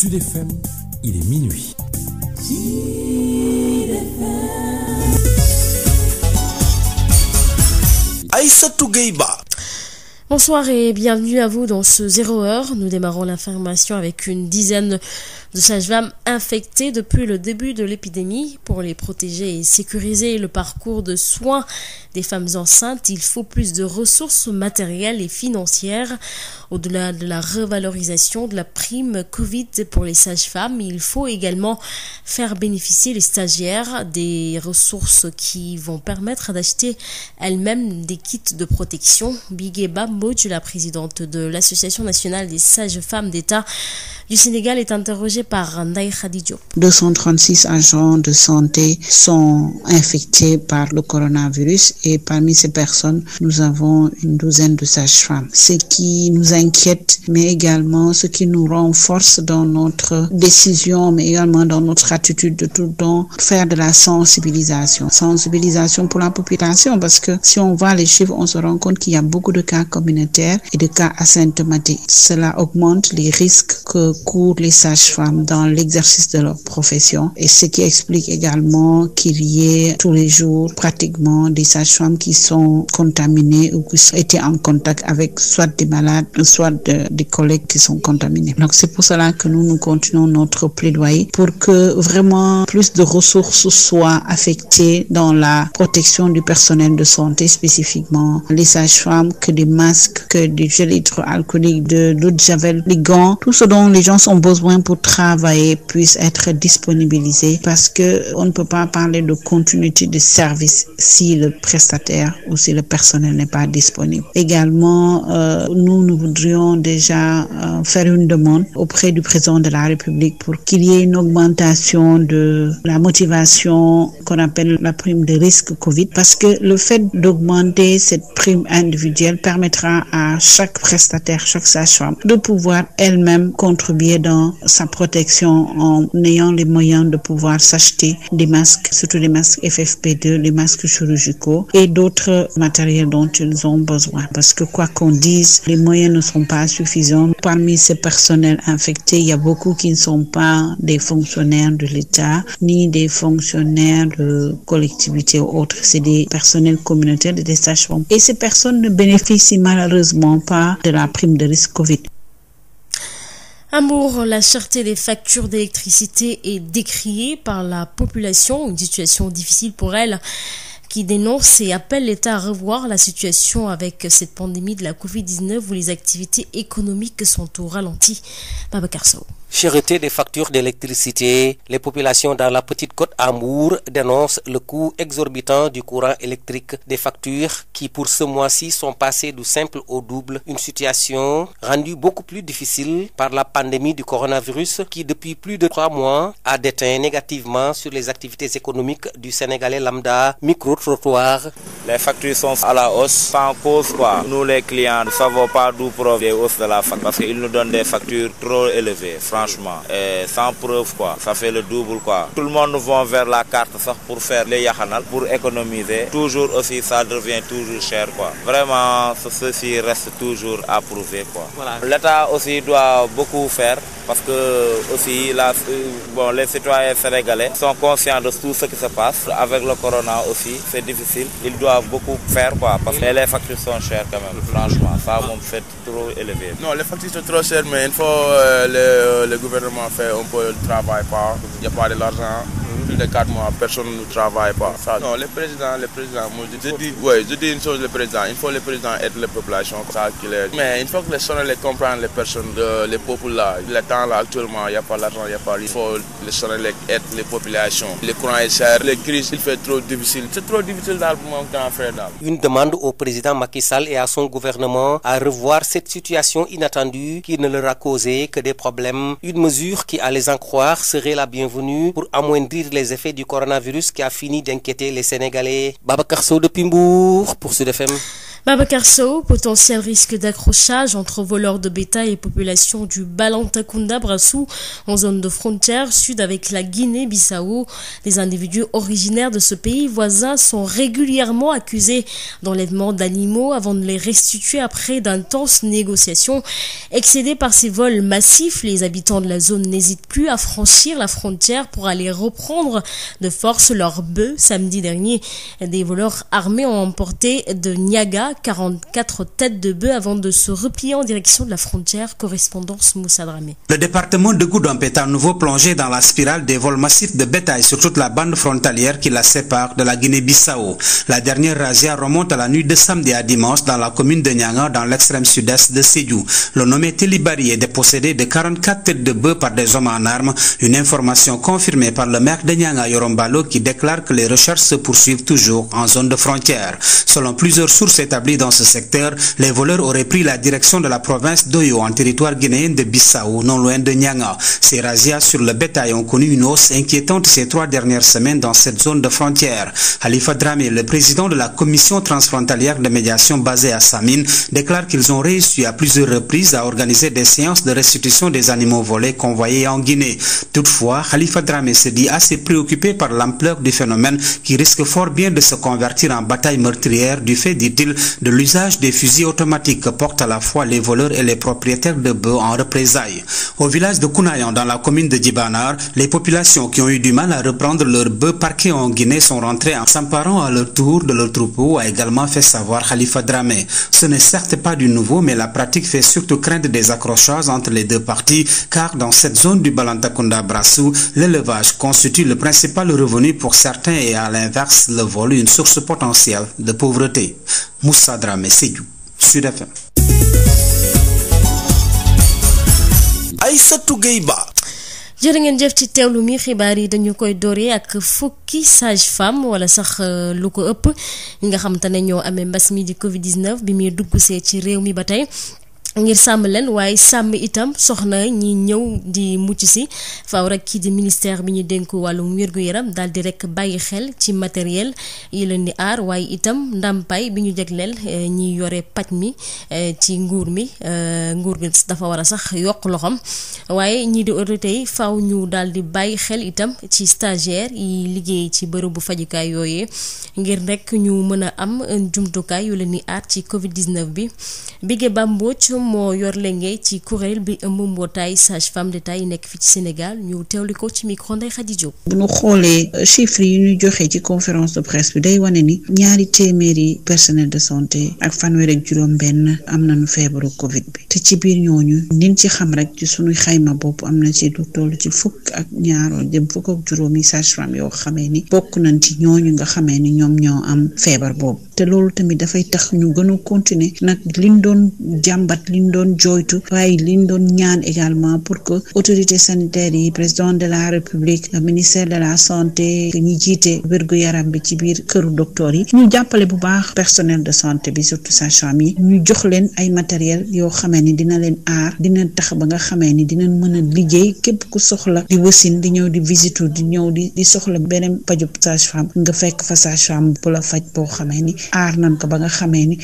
Sud FM, Bonsoir et bienvenue à vous dans ce Zéro Heure. Nous démarrons l'information avec une dizaine de sages-femmes infectées depuis le début de l'épidémie. Pour les protéger et sécuriser le parcours de soins des femmes enceintes, il faut plus de ressources matérielles et financières. Au-delà de la de la prime Covid pour les sages-femmes, il faut également faire bénéficier les stagiaires des ressources qui vont permettre d'acheter elles-mêmes des de protection. Bigé Bambodj, la présidente de l'Association nationale des sages de santé sont infectés par le coronavirus et parmi ces personnes, nous avons une de sages-femmes. Ce qui nous a inquiète, mais également ce qui nous renforce dans notre décision, mais également dans notre attitude de tout le temps, faire de la sensibilisation. Sensibilisation pour la population, parce que si on voit les chiffres, on se rend compte qu'il y a beaucoup de cas communautaires et de cas asymptomatiques. Cela augmente les risques que courent les sages-femmes dans l'exercice de leur profession et ce qui explique également qu'il y ait tous les jours pratiquement des sages soit de, des collègues qui sont contaminés. c'est pour cela que nous, nous continuons notre plaidoyer pour que vraiment plus de ressources soient affectées dans la protection du personnel de santé, spécifiquement les sages-femmes, que des masques, que des gels hydroalcooliques, de l'eau de javel, les gants, tout ce dont les gens ont besoin pour travailler puisse être disponibilisé parce que on ne peut pas parler de continuité de service si le prestataire ou le personnel n'est pas voudrions déjà euh, faire une demande auprès du président de la République pour qu'il y ait une augmentation de la motivation qu'on appelle la prime de risque Covid, parce que le fait d'augmenter cette prime individuelle permettra à chaque prestataire, chaque sage-femme, de pouvoir elle-même contribuer dans sa protection en ayant les moyens de pouvoir s'acheter des masques, surtout les masques FFP2, les masques chirurgicaux et d'autres matériels dont ils ont besoin. Parce sont pas suffisants. Parmi ces personnels infectés, il y a beaucoup qui ne sont pas des fonctionnaires de l'État ni des fonctionnaires de collectivités ou autres. C'est des personnels communautaires, des sages Et ces personnes ne bénéficient malheureusement pas de la prime de risque Covid. Amour, la cherté des factures d'électricité est décriée par la population, une situation difficile pour elle. qui dénonce et appelle l'État à revoir la situation avec cette pandémie de la COVID-19 où les activités économiques sont au ralenti. Cherté des factures d'électricité. Les populations dans la Petite Côte à Mbour dénoncent le coût exorbitant du courant électrique, des factures qui pour ce mois-ci sont passées du simple au double, une situation rendue beaucoup plus difficile par la pandémie du coronavirus qui depuis plus de trois mois a déteint négativement sur les activités économiques du Sénégalais lambda, micro-trottoir. Les factures sont à la hausse, sans pause quoi. Nous les clients franchement et sans preuve quoi ça fait le double quoi tout le monde va vers la carte sax pour faire les yaxanal pour économiser toujours aussi ça devient toujours cher quoi vraiment ceci reste toujours à prouver quoi voilà. l'État aussi doit beaucoup faire parce que aussi la euh, bon les citoyens sénégalais sont conscients de tout ce qui se passe avec le corona aussi c'est difficile ils doivent beaucoup faire quoi parce que les factures sont chères quand même mhm. franchement ah. trop le gouvernement fait un peu le travail, pas, il n'y a pas de l'argent. de 4 mois, personne ne travaille pas. non, le président, je, dis, je dis une chose, le président, il faut le président être la population, ça Mais il faut que les Sénégalais comprennent les personnes, de, les peuples les courants est cher, les crises, il fait trop difficile. C'est trop difficile dans mon grand frère Une demande au président Macky et à son gouvernement à revoir cette situation inattendue qui ne leur a causé des effets du coronavirus qui a fini d'inquiéter les Sénégalais. Babacar Sow depuis Mbour pour Sud FM. Babacar Sow potentiel risque d'accrochage entre voleurs de bétail et population du Balantacounda Brassou en zone de frontière sud avec la Guinée-Bissau. Des individus originaires de ce pays voisin sont régulièrement accusés d'enlèvement d'animaux avant de les restituer après d'intenses négociations. Excédés par ces vols massifs, les habitants de la zone n'hésitent plus à franchir la frontière pour aller reprendre de force leurs bœufs. Samedi dernier, 44 têtes de la frontière, correspondance Moussa Dramé. Le département de Goudomp est à nouveau plongé dans la spirale des vols massifs de bétail sur toute la bande frontalière qui la sépare de la Guinée-Bissau. La dernière razzia remonte à la nuit de samedi à dimanche dans la commune de Nyanga, dans l'extrême sud-est de Sédhiou. Le nommé Telibari est dépossédé de têtes de bœufs par des hommes en armes, une information confirmée par le maire de Nyanga, Yorombalo, qui déclare que les recherches se poursuivent en zone de frontière. établis dans ce secteur, les voleurs auraient pris la direction de la province d'Oyo en territoire guinéen de Bissau, non loin de Nyanga. Ces sur le bétail ont connu une hausse inquiétante ces trois dernières semaines dans cette zone de frontière. Khalifa Dramé, le président de la commission transfrontalière de médiation basée à Samine, déclare qu'ils ont réussi à plusieurs reprises à organiser des séances de restitution des animaux volés convoyés en Guinée. de l'usage des fusils automatiques que portent à la fois les voleurs et les propriétaires de bœufs en représailles. Au village de Kounayan, dans la commune de Djibanar, les populations qui ont eu du mal à reprendre leurs bœufs parqués en Guinée sont rentrées en s'emparant à leur de leur troupeau, a également fait savoir Khalifa Dramé. Ce n'est certes pas du nouveau, mais la pratique fait surtout craindre des accrochages entre les deux parties, car dans cette zone du Balantakunda-Brassou, l'élevage le principal revenu pour certains et à l'inverse, le vol une Moussa Dramé Sédhiou Sud Ba. jërë ngeen jëf ci teewlu mi xibaar yi dañu koy dooree ak fukki sage-femme wala sax euh, lu ko ëpp ñi nga xam te ne ñoo amee mbas mi di Covid 19 bi muy dugg see ci réew mi ba tey. ngir sàmm leen waaye sàmm itam soxna ñi ñëw di mucc si faw rek kii di ministère bi ñu dénk wàllum wér-gu-yaram daal di rek bàyyi xel ci matériel yi leen di aar waaye itam ndàmpaay bi ñu jegleel eh, ñi yore paj mi eh, ci nguur mi eh, nguur gi dafa war a sax yokk loxoom waaye ñii di autorité yi faaw ñu daal di bàyyi xel itam ci stagiaire yi liggéey ci bërëbu fajukaay yooyee ngir rek ñu mën a am jumtukaay yu leen di aar ci Covid 19 bi Bigué Bambodj moo yor lenge ci kuréel bi ëmb mbootaay sage femme d'État yi nekk fii ci Sénégal ñu teewli ko ci micro Ndeye Khady Diop. bu ñu xoolee euh, chiffres yu ñuy joxe ci conférence de presse bi day wane ni ñaari téeméeri personnel de santé ak fanweer ak juróom-benn am na nañu feebaru Covid bi te ci biir ñooñu liñ ci xam rek ci suñuy xayma bopp am na ci du toll ci fukk ak ñaar jëm fukk ak juróomi sage femme yoo xamee ni bokk nañ ci ñooñu nga xamee ni ñoom ñoo am feebar boobu liñ doon joytu waaye liñ doon ñaan également pour que autorité sanitaire yi président de la république ministère de la santé ñi jiite wérgu yaram bi ci biir këru docteur yi ñu jàppale bu baax personnel de santé bi surtout sage-femme yi ñu jox leen ay matériel yoo xamee ni dina leen aar dina tax ba nga xamee ni dinañ mën a liggéey képp ku soxla di wasin di ñëw di visite di ñëw di soxla beneen pajub sage nga fekk fa sage bu la faj boo xamee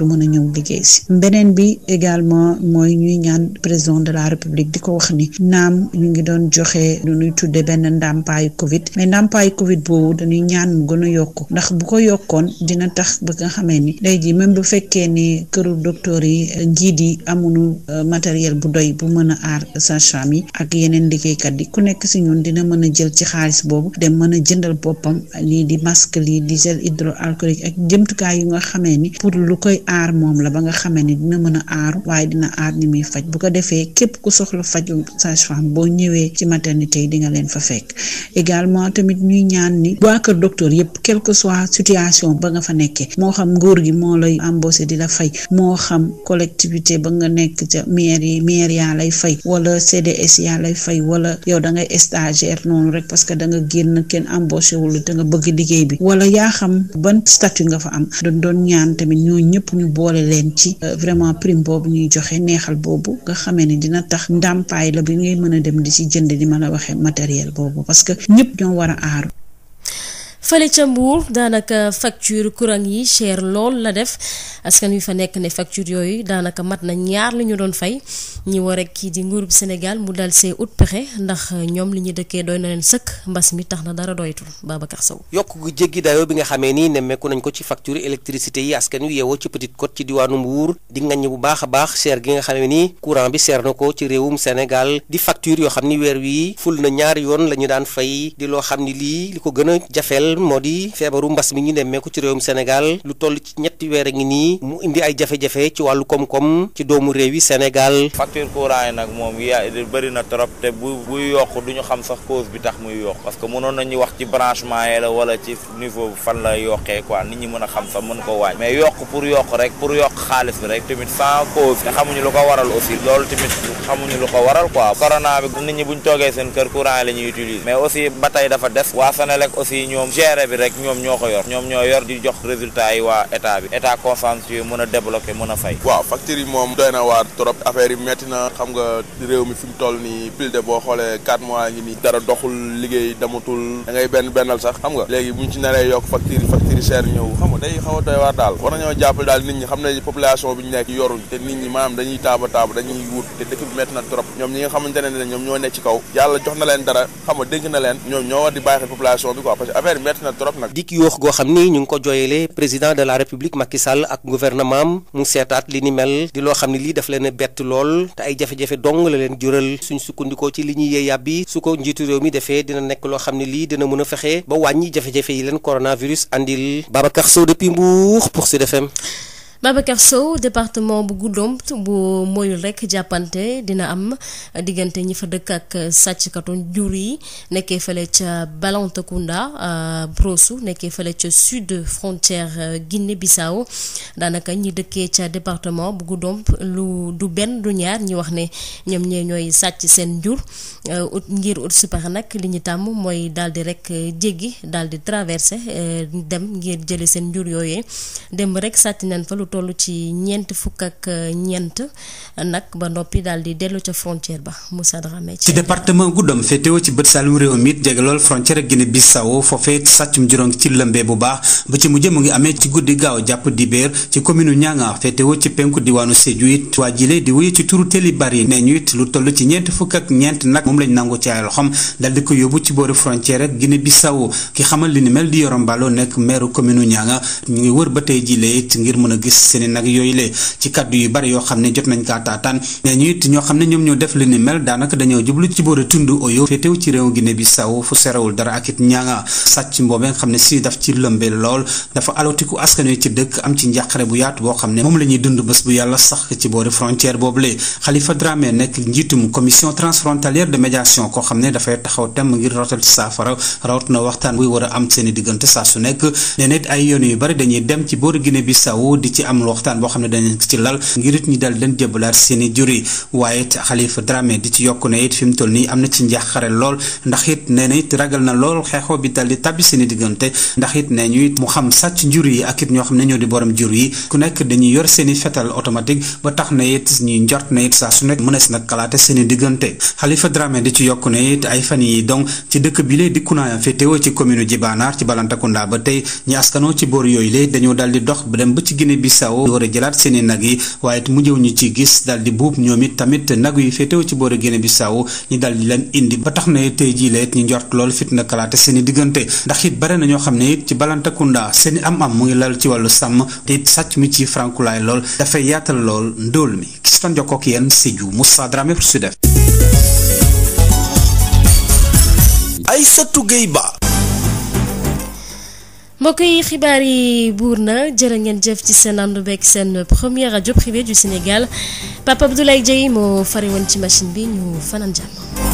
ko Malaysia beneen bi également mooy ñuy ñaan président de la république di ko wax ni naam ñu ngi doon joxe lu ñuy tudde benn ndàmpaayu Covid mais ndàmpaayu Covid boobu dañuy ñaan mu gën a yokku ndax bu ko yokkoon dina tax ba nga xamee ni day ji même bu fekkee ni këru docteur yi euh, njiit yi amuñu euh, matériel bu doy bu mën a aar sage yi ak yeneen liggéeykat yi ku nekk si ñun dina mën a jël ci xaalis boobu dem mën a jëndal boppam lii di masque lii di gel hydroalcoolique nga xamee ni dina mën a aaru waaye dina aar ñi muy faj bu ko defee képp ku soxla faju boo ñëwee ci maternité yi di nga leen fa fekk également tamit ñuy ñaan ni waa docteur yëpp quel que situation ba nga fa nekkee moo xam nguur gi moo lay embauché di la fay moo xam collectivité ba nga nekk ca maire yi maire yaa lay fay wala CDS yaa lay fay wala yow da ngay stagiaire noonu rek parce que da nga génn kenn embauché wul te nga bëgg liggéey bi tamit ñoo ñëpp ñu boole leen ci euh, vraiment prime boobu ñuy joxe neexal boobu nga xamee ne dina tax ndàmpaay la bi ngay mën a dem di ci jënd di ma la waxee matériel boobu parce que ñëpp ñoo war a aaru fële ca Mbuur daanaka facture courant yi cher lool la def askan wi fa nekk ne facture yooyu daanaka mat na ñaar li ñu doon fay ñi war rek kii di nguurub Sénégal mu dal see ut pexe ndax ñoom li ñu dëkkee doy na leen sëkk mbas mi tax na dara doyatul Babacar Sow. yokk gu jéggi dayoo bi nga xamee ni nemmeeku nañ ko ci facture électricité yi askan wi yeewoo ci Petite Côte ci diwaanu Mbuur di ngañ bu baax a baax cher gi nga xamee ni courant bi cher na ko ci réewum Sénégal di facture yoo xam ni weer wi ful na ñaari yoon la ñu daan fay di loo xam ni lii li ko gën a jafeel moo di feebaru mbas mi ñu nemmeeku ci réewum Sénégal lu toll ci ñetti weer a ngi nii mu indi ay jafe-jafe ci wàllu koom-koom ci doomu réew yi Sénégal. facture courant yi nag moom ya bëri na trop te bu buy yokk du ñu xam sax cause bi tax muy yokk parce que mënoon nañu wax ci branchement yi la wala ci niveau fan la yokkee quoi nit ñi mën a xam sax mën ko waaj mais yokk pour yokk rek pour yokk xaalis bi rek tamit sans cause te xamuñu lu ko waral aussi xamuñu lu ko waral quoi corona bi nit ñi buñ toogee seen kër courant la ñuy utiliser mais aussi ba tey dafa des waa Senelec aussi ñoom gérer bi rek ñoom ñoo ko yor ñoom ñoo yor di jox résultat yi waa état bi état concentré mën a débloquer mën a fay waaw facture yi moom doy na waar trop affaire yi metti na xam nga réew mi fi mu toll nii pile boo xoolee 4 mois ngi nii dara doxul liggéey damatul da ngay benn bennal sax xam nga léegi buñ ci naree yokk facture facture cher ñëw xam nga day xaw a doy waar bi ñu nekk yoruñ te nit ñi maanaam dañuy taaba taaba dañuy wut te dëkk métti na trop ñoom ñi xamante ne ñoom ñoo nekk ci kaw yàlla jox na leen dara xam nga dénk na leen ñoom ñoo war di bàyyi xel population bi quoi parce que affaire bi métti na trop nag dikk yoox goo xam ni ñu ngi ko jooyalee président de la république Macky Sall ak gouvernement am mu seetaat li ni mel di loo xam ne lii daf leen a bett lool te ay jafe-jafe dong la leen jural suñ sukkandikoo ci li ñuy yee bi su ko njiitu réew mi defee dina nekk loo xam ne lii dina mën a fexe ba wàññi jafe-jafe yi leen coronavirus andil Babacar Sow depuis Mbour pour Babacar Sow département bu Goudomp bu moyul rek jàppante dina am diggante ñi fa dëkk ak sàcckatu jur yi nekkee fële ca Balantacounda Brossou nekkee fële ca sud frontière euh, Guinée-Bissau daanaka ñi dëkkee ca département bu Goudomp lu du benn du ñaar ñi wax ne ñoom ñee ñooy sàcc seen jur euh, ut ngir ut super nag li ñu tàmm mooy daal di rek euh, jéggi daal di traversé dem ngir jëli seen njur yooyee dem rek sàcc nañ fa lu toll ci ñeent fukk ak euh, ñeent nag ba noppi daal di dellu ca frontière ba Moussa Dramé ci département Goudomp féetewoo ci bët Saalum réew mi it jege lool frontière ak Guinée Bissau foofee sàccum juróom ci lëmbee bu baax ba ci mujj mu ngi amee ci guddi gaaw jàpp dibéer ci commune Nianga féetewoo ci penku diwaanu Sédhiou it waa jile di wuyu ci turu teli bari nee ñu lu toll ci ñeent fukk ak ñeent nag moom lañ nangu ci ay loxom dal di ko yóbbu ci boori frontière ak Bissau ki xamal li ni mel di Yoro Mballo nekk maire commune Nianga ñu ngi wër ba tey jile it ngir mën a gis seen i nag yooyu lee ci kaddu yu bari yoo xam ne jot nañ kaa taataan ne ñu it ñoo xam ne ñoom ñoo def lu ni mel daanaka dañoo jublu ci boor a tund Oyo féetew ci réew Guinée Bissau fu serewul dara ak it ñaanga nga xam ne si daf ci lëmbe lool dafa alotiku askan wi ci dëkk am ci njàqare bu yaatu boo xam ne moom la ñuy dund bés bu yàlla sax ci boori frontière boobu lee Khalifa Dramé nekk njiitum commission transfrontalière de médiation koo xam ne dafay taxaw temm ngir rotal ci saafara rawat na waxtaan buy war a am seen i diggante saa su ne amul waxtaan boo xam ne dañ ci lal ngir it ñu dal leen jëbalaat seen i jur yi waaye it Khalifa Dramé di ci yokk ne it na ci njaaxare lool ndax bi dal di tabbi seen i diggante ndax it nee ñu it mu xam sàcc jur yi ak it ñoo xam ne ñoo di borom jur yi ku nekk dañuy yor seen i fetal automatique ba tax na it ñuy njort na it saa su nekk mënees na kalaate seen i diggante Khalifa Dramé di ci yokk ne it ay fan yi donc ci dëkk bi lay di Kounda féetewoo ci ci Balantacounda ba tey yooyu lay dañoo dal di dox ba dem ba ci Guinée bi Sow war a jëlaat seeni nag ñu gis daal di buub ñoom tamit nag yi féetewu ci boor a Guinée Bissau ñu daal di leen indi ba tax na tey jii la it ñu njort lool fitna kalaate seeni diggante ndax it bare na ñoo xam ne it ci Balantacounda seeni am-am mu ngi ci wàllu sàmm te it sàcc mi ci lool dafay yaatal lool ndóol mi ki si doon jokkoo ak yéen Sédhiou Moussa Dramé pour Sud FM Ba mbokk yi xibaar yi buur na jërë ngeen jëf ci seen àndu beeg seen première radio privée du Sénégal Papa Abdoulaye Dieye moo fari woon ci machine bi ñu fanaan jàmm.